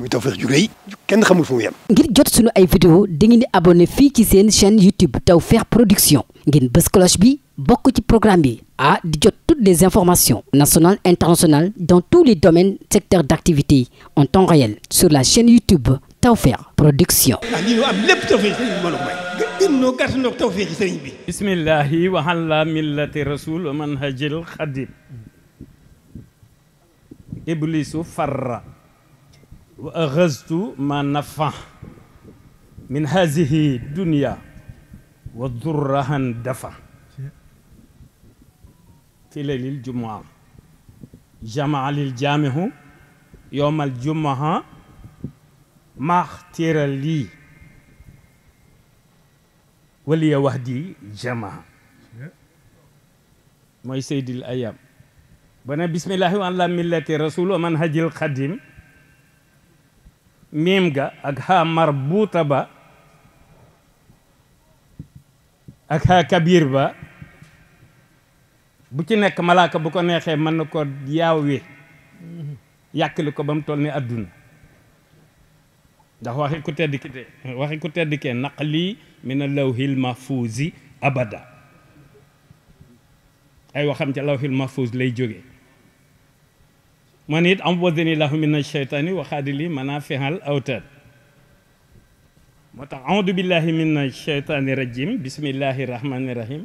muy Tawfekh ju rëy kenn xamul fu mu yem. ngir jot sunu ay vidéo dangeen di abonné fii ci seen chaîne YouTube Tawfekh Production ngeen bës cloche bi bokk ci programme bi ah di jot toutes des informations nationales internationales dans tous les domaines secteurs d'activité en temps réel sur la chaîne YouTube Tawfekh Production. ah lii am lépp Tawfekh sëriñ bi mbooloo bismillahi wa ala millati rasul manhajil xadim wa axastu ma nafa min hazihi dunia wa durrahan dafa fi laylil jumua jamaa lil jaamihu yowmal jumaa maxtira lii waliya wax di jamaa mooy seydil ayam bana bismillahi wa ala millati rasul wa manhajil xadim miim ga ak haa marbuuta ba ak haa kabiir ba bu ci nekk malaaka bu ko neexee mën na ko wi yàkkali ko ba mu toll ni àdduna ndax waxi ku tedd ki de waxi ku tedd kee naqli min lawhil mahfuuzi abada ay waxam ca lawhil mahfuuz lay jóge man it ambodeni lahu min asheytaani waxaadi li manafihal awtaad moo tax audu billahi min asheytaani rajim bismillahi rahmani rahim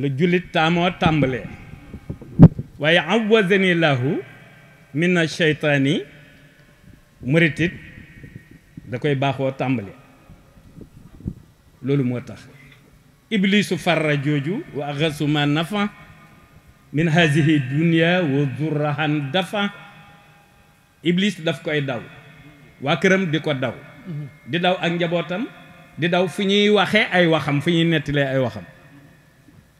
la jullit taamoo tàmbalee waaye ambodeni lahu min asheytaani muritit da koy baaxoo tàmbale loolu moo tax iblisu farra jooju wa axasu ma min hazihi dunia wa durrahan dafa iblis daf koy daw waa këram di ko daw di daw ak njabootam di daw fu ñuy waxee ay waxam fu ñuy nettalee ay waxam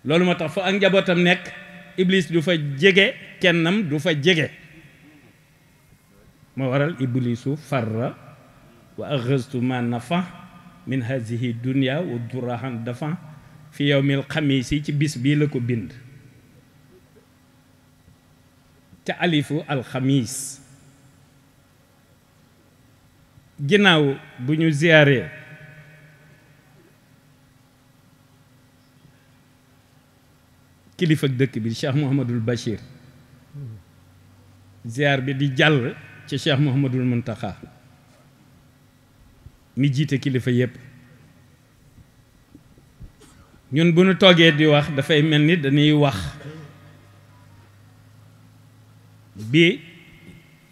loolu moo tax fa ak njabootam nekk ibliis du fa jege kennam du fa jege moo waral iblisu farra wa axastu ma nafa min hazihi dunia wa durrahan dafa fi yawmil xamiis yi ci bis bii la ko bind te alifu alxamis ginnaaw bu ñu ziyaaree kilifa dëkk bi Cheikh Mouhamadul bashir ziyaar bi di jàll ci Cheikh Mouhamadul Muntaxa mi jiite kilifa yépp ñun bu ñu toogee di wax dafay mel ni dañuy wax bi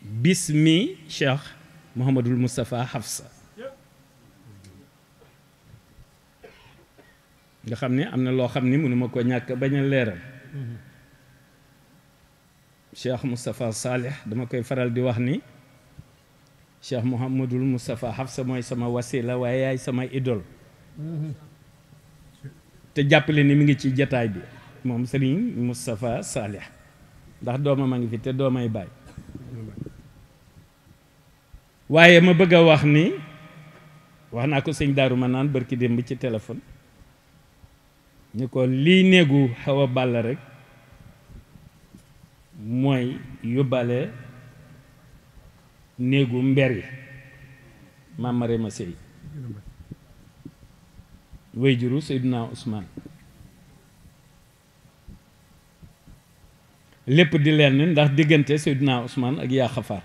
bismi cheikh Mouhamadul Moustapha Hafsa nga xam ne am na loo xam ni mënuma ko ñàkk bañ a leeral cheikh Moustapha Saleh dama koy faral di wax ni cheikh Mouhamadul Moustapha Hafsa mooy sama wasila waaye yaay sama idol te jàppale ni mi ngi ci jataay bi moom Serigne Moustapha Saleh ndax doomam a ngi fi te doomay baay waaye ma bëgg a wax ni wax naa ko sëñ daaru ma naan barki démb ci téléphone ñu ko lii néegu xaw a bàll rek mooy yóbbale néegu mber yi maamare ma sëy wéy juru Seydina Ousmane lépp di lenn ndax diggante Seydina Ousmane ak yaa xafaar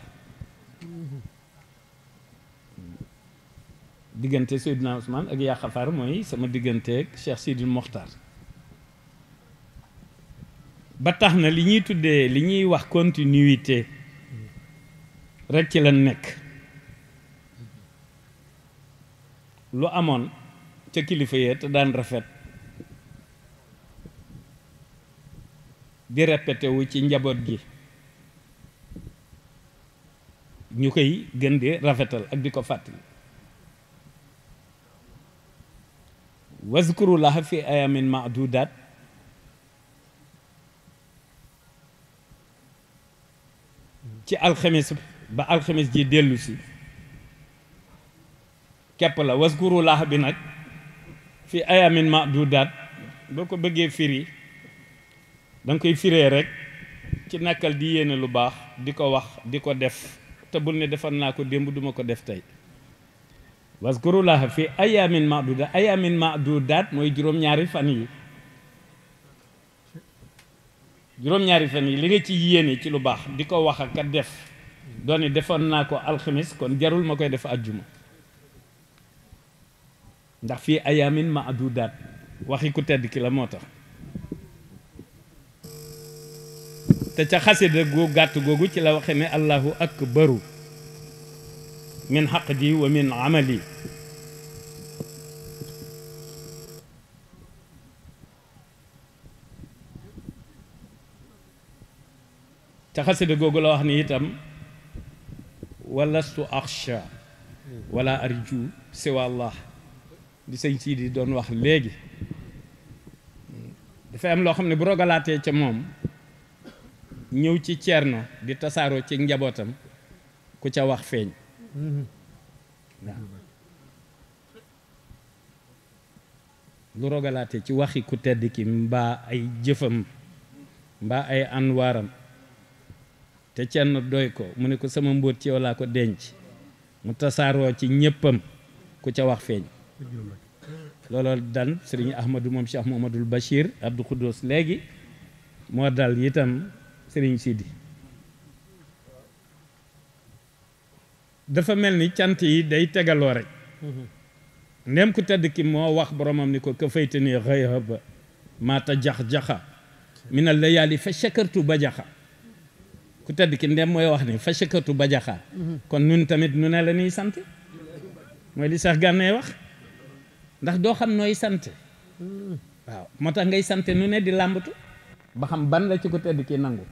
diggante Seydina Ousmane ak yaa mooy sama diggante Cheikh Sidil Mokhtar ba tax na li ñuy tuddee li ñuy wax continuité rek ci la nekk lu amoon ca kilifa yee te daan rafet di répété ci njaboot gi ñu koy gën di rafetal ak di ko fàttali wazkuru laha fi ayamin maadudat ci alxamis ba alxamis ji dellu si kepp la wazkuru laha bi nag fi ayamin maadudat boo ko bëggee firi danga koy firee rek ci nàkkal di yéene lu baax di ko wax di ko def te bul ne defal naa ko démb duma ko def tey waskurulaha fi ayamin madudat ayamin madudat mooy juróom-ñaari fan yi juróom-ñaari fan yi li nga ci yéene ci lu baax di ko wax ak a def yi defoon naa ko alxamis kon jarul ma koy def àjjuma ndax fii ayamin madudat waxi ku tedd ki la moo tax te ca xasida gu gàtt googu ci la waxe ne allahu akbaru min xaqdi wa min amali ca xasida googu la wax ni itam walastu axsha walla arju siwa allah di sëñ sii di doon wax léegi dafay am loo xam ne bu rogalaatee ca moom ñëw ci na di tasaaroo ci njabootam ku ca wax feeñ lu rogalaate ci waxi ku tedd ki mbaa ay jëfam mbaa ay anwaaram te Ceerno doy ko mu ne ko sama mbóot ci yow laa ko denc mu tasaaroo ci ñéppam ku ca wax feeñ looloo dal sëriñ Ahmadou moom Cheikh Mouhamadoul Bachir Abdou léegi moo dal itam sëriñ Sidi dafa mel ni cant yi day tegaloo rek ndem ku tedd ki moo wax boromam ni ko ka fayta ni maata jax-jaxa mina layaali fa shakartu ba jaxa ku tedd ki ndem mooy wax ni fa shakartu ba kon nun tamit nu ne la ñuy sant mooy li sax gànnee wax ndax doo xam nooy sant waaw moo tax ngay sant nu ne di làmbatu ba xam ban la ci ko tedd ki nangu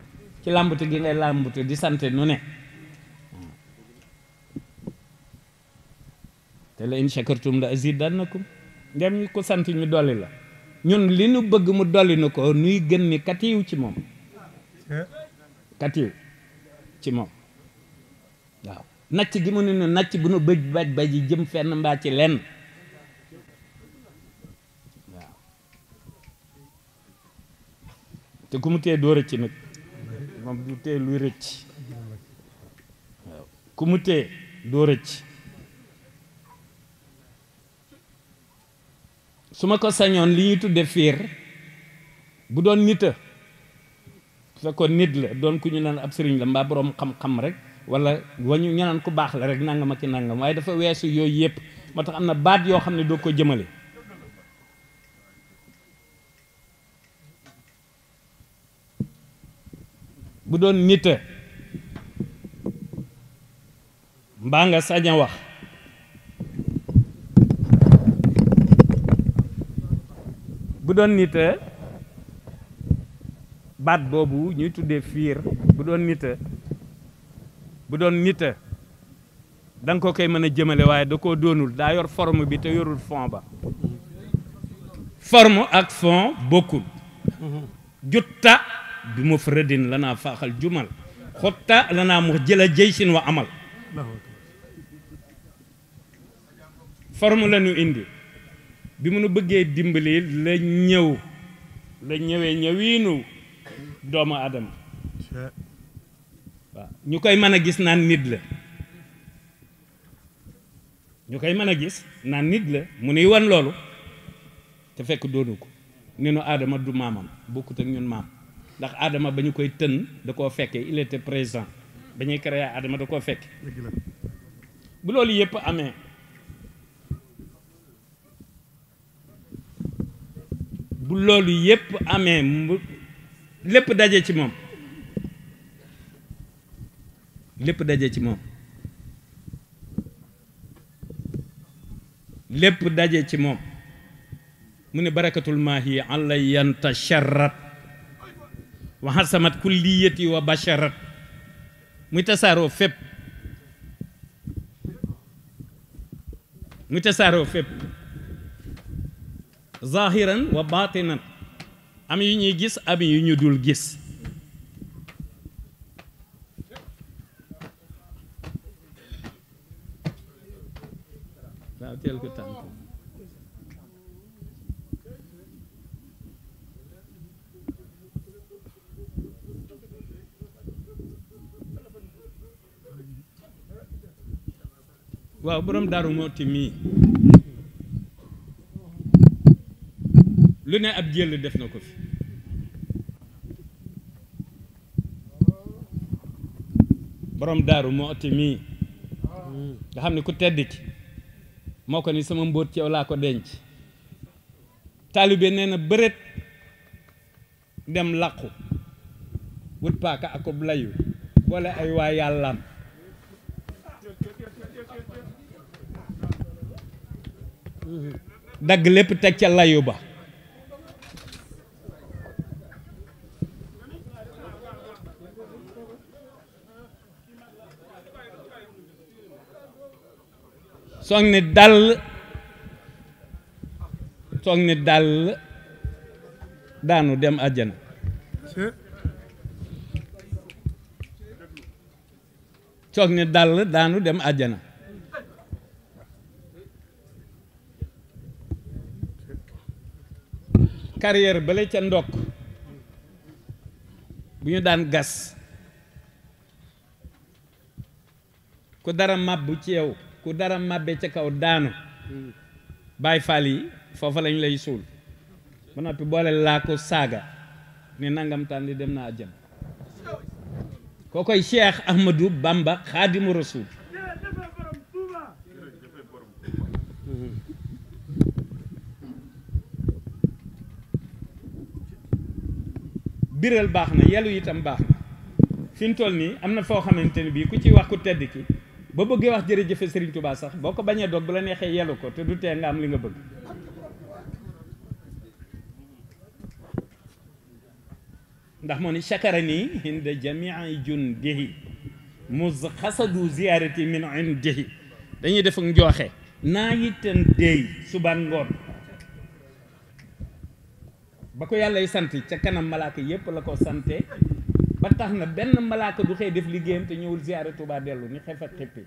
ci làmbute gi ngay làmbute di sante nu ne te la in shakartum la azidannakum ndem ñu ko sant ñu dolli la ñun li nu bëgg mu dolli nu ko nuy gën ni katiw ci moom katiw ci moom waaw nacc gi mu ne nu nacc bu nu bëj baj baji jëm fenn mbaa ci lenn te ku mu tee doo rëcc nag moom du tee luy rëcc waaw ku mu tee doo rëcc su ma ko sañoon li ñuy tudde fiir bu doon nita fekkoon nit la doon ku ñu naan ab sëriñ la mbaa boroom xam-xam rek wala wañu ñu ku baax la rek nangam ak i nangam waaye dafa weesu yooyu yëpp moo tax am na baat yoo xam ne doo ko jëmale bu doon nita mbaa nga sañ wax bu doon nita baat boobu ñuy tuddee fiir bu doon nita bu doon nita da ko koy mën a jëmale waaye da koo doonul daa yor forme bi te yorul fon ba forme ak fond bokkul mhm. jutta بمفرد لنا فاخ الجمل خط لنا مخجل جيش wa formule la ñu indi bi mu nu bëggee dimbali la ñëw la ñëwee ñëwiinu doomu aadama waaw ñu koy mën a gis naan nit la ñu koy mën a gis naan nit la mu nuy wan loolu te fekk doonu ko ne nu aadama du maamam bokkut ak ñun maam ndax aadama ba ñu koy tën da koo fekke il était présent ba ñuy créé Adama da koo fekke bu loolu yëpp amee bu loolu yëpp amee lépp daje ci moom lépp daje ci moom lépp daje ci moom mu ne barakatul maahi an la yanta charrat waxasamat kulliyati wa basharat muy tasaaroo fépp muy tasaaroo fépp zahiran wa batinan am yu gis am yu ñu dul gis waaw boroom daaru mooti mii lu ne ab jël def na ko fi borom daaru mooti mii nga xam ne ku tedd ki moo ko ni sama mbóot ci laa ko denc taalibe nee na bëreet dem làqu wut paaka akub layu boole ay waa yàllaam dagg lépp teg ca ba soog ni dal soog ni dal daanu dem àjjana soog ni dal daanu dem àjjana carrière bale ca ndokk bu ñu daan gas ku dara màbbu ci ku dara màbbe ca kaw daanu bàyyi faal yi foofa lañ lay suul ba noppi boole laa ko saaga ni nangamtaan tànn dem naa àjjana koo koy Cheikh Ahmadou Bamba Xaadimu Rasuul biral baax na yelu itam baax na fi mu nii am na foo xamante ni bii ku ci wax ku tedd ki ba bëggee wax jërëjëfe sëriñ tubaa sax boo ko bañee doog bu la neexee yelu ko te du tee nga am li nga bëgg ndax moo ni chakara nii inda jamii jundihi mus xasadu ziyaarati min indihi dañuy def ak njooxe naa itam déy suban ngoon ba ko yàllay sant ca kanam malaaka yépp la ko sante ba tax na benn malaaka du xëy def liggéeyam te ñëwul ziyaare Tuubaa dellu ni xef ak xippi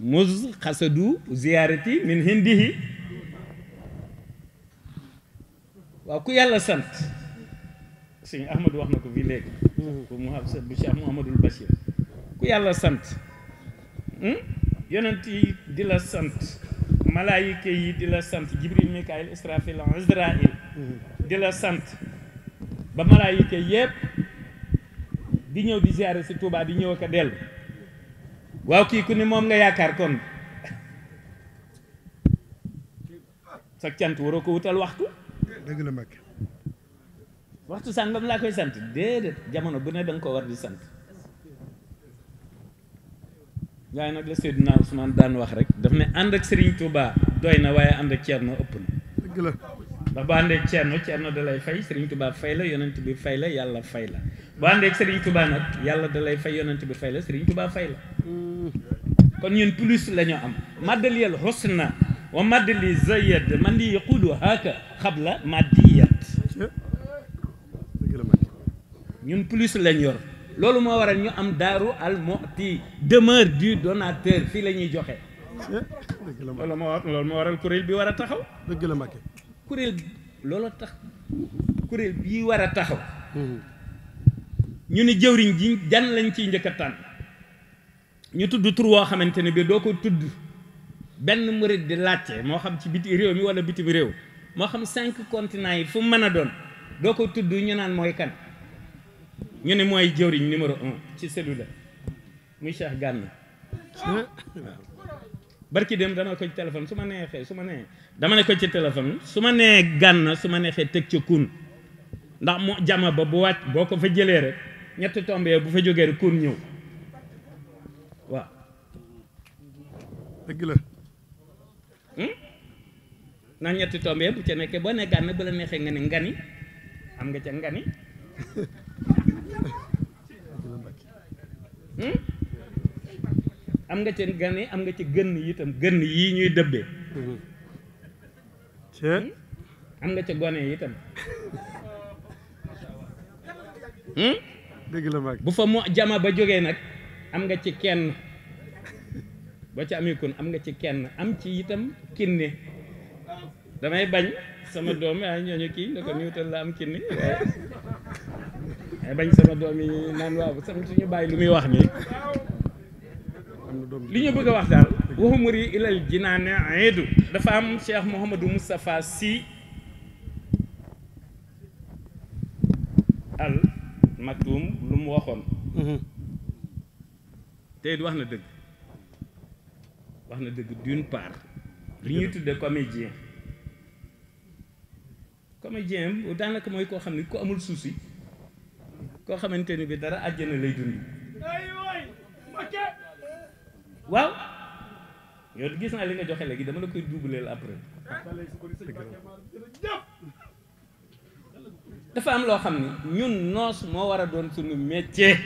mus xasadu ziyaarati min hindihi waaw ku yàlla sant sëñ Ahmadou wax na ko fii léegi bu mu xam bu Cheikh Mouhamadul Bachir ku yàlla sant hmm? yonent yi di la sant malaayika yi di la sant jibril mikaayil israfil israil di la sant ba malaayika yépp di ñëw di ziare si Touba di ñëw ak a dellu waaw kii ku ni moom nga yaakaar kon sa cant waroo ko wutal waxtu dëgg la Mbàkke waxtu laa koy sant déedéet jamono bu ne danga ko war di sant waaye nag la Seydina Ousmane daan wax rek daf ne ànd ak Serigne Touba doy na waaye ànd ak Thierno ëpp na. dëgg la ndax boo àndee Thierno Thierno da lay fay Serigne Touba fay la yonent bi fay la yàlla fay la boo àndee ak Serigne Touba nag yàlla da lay fay yonent bi fay la Serigne Touba fay la. kon ñun plus la am maddaliyal husna wa maddali zayed man di yaqudu haaka xabla maddiyat ñun plus lañ yor loolu moo waral ñu am daaru al muti demeure du donateur fii la ñuy joxe. loolu moo waral kuréel bi war a taxaw. dëgg la Mbacke. kuréel looloo tax kuréel bii war a taxaw. Hmm. ñu ne jëwriñ ji jan lañu ciy njëkk a ñu tudd tur woo xamante ne bi doo ko tudd benn murid di laajte moo xam ci biti réew mi wala bitim réew moo xam cinq continents yi fu mu mën a doon doo ko tudd ñu naan mooy kan ñu ne mooy jëwriñ numéro un ci cellule muy Cheikh Gànn waaw barki dem dana ko ci su ma neexee su ma nee dama ko ci téléphone su ma nee Gànn su ma neexee teg ca kun ndax mu jama ba bu wàcc boo ko fa jëlee rek ñetti tombee bu fa jógee rek kun ñëw waaw dëgg la hmm? ndax ñetti tombee bu ca nekkee boo ne Gànn bu la neexee nga ne ngani am nga ca ngani am nga ci gane am nga ci gënn yitam gënn yii ñuy dëbbee hmm? am ci gone itam hmm? bu fa mu jama ba jógee nag am nga ci kenn boo ci amee kon am nga ci kenn am ci itam kinne damay bañ sama doom yaa ñooñu kii la am kinne damay bañ sama doom yi naan waaw sama suñu bàyyi lu muy wax nii li ñu bëgg a wax daal waxumari ilal ne eedu dafa am Cheikh Mouhamadou Moustapha Sy al maktum lu mu waxoon mhm. te it wax na dëgg wax na dëgg d'une part li ñuy tudde comédien comédien daanaka mooy koo xam ne ku amul souci koo xamante ni bi dara àjjana lay dund waaw yow gis naa li nga joxe léegi dama la koy duubaleel après dafa am loo xam ne ñun noos moo war a doon suñu métier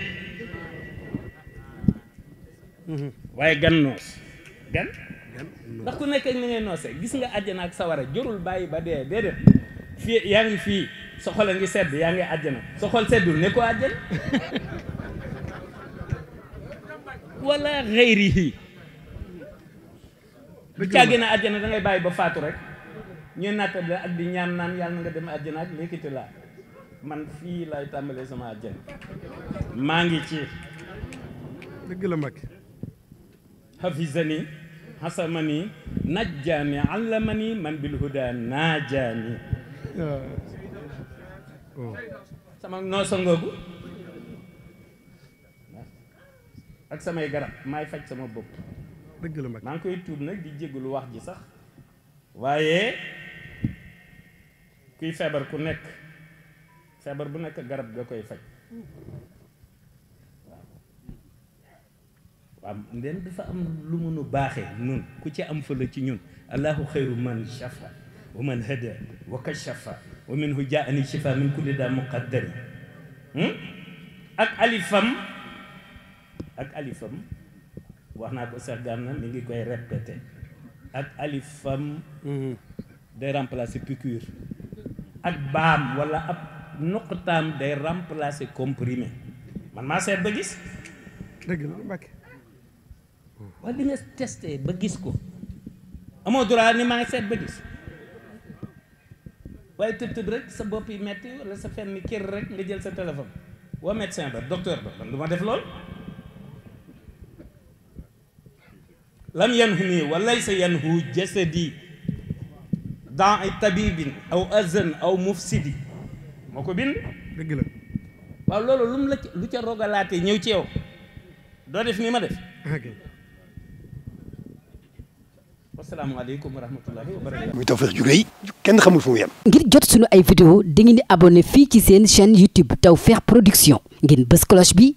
waaye gan noos gan ndax ku nekk ak ni ngay noose gis nga àjjana ak sawara jorul bàyyi ba dee déedéet fii yaa ngi fii sa a ngi sedd yaa ngi àjjana sa xol seddul ne ko wala xëyrihi bu càggee na àjjana da bàyyi ba faatu rek ñuy nattale ak di ñaan naan yàlla na nga dem àjjana ak lékkiti laa man fii laay tàmbalee sama àjjana maa ngi ci dëgg la mag hafizani hasamani najjaani allamani man bil huda naajaani ah. sama noo sangoogu ak samay garab maay faj sama bopp dëgg mag maa ngi koy tuub nag di jégalu wax ji sax waaye kuy feebar ku nekk feebar bu nekk garab ga koy faj waaw ndeen dafa am lu mënu baaxee nun ku ci am fële ci ñun allahu xayru man shafa wa man hada wa kashafa wa minhu jaani shifa min kulli daa muqaddari hmm? ak alifam ak alifam wax naa ko Cheikh na mi ngi koy répété ak alifam mhm. day remplacer piqûre ak baam walla ab nuqtaam day remplacer comprimé man maa seet ba gis ko amoo droit ni maa ngi seet waaye tëb tëb rek sa bopp yi metti wala sa fenn kër rek nga jël sa téléphone woo médecin ba docteur ba man du def lool lan lam yanhuni wa laysa yanhu jasadi da'i tabibin aw azan aw mufsidi moo ko bind dëgg la waaw loolu lu la lu ca rogalaatee ñëw ci yow doo def ni ma def asalaamaaleykum wa rahmatullahi wa muy Tawfekh ju rëy kenn xamul fu mu ngir jot suñu ay vidéo di ngeen di fii ci seen chaîne YouTube Tawfekh Production ngeen bës cloche bi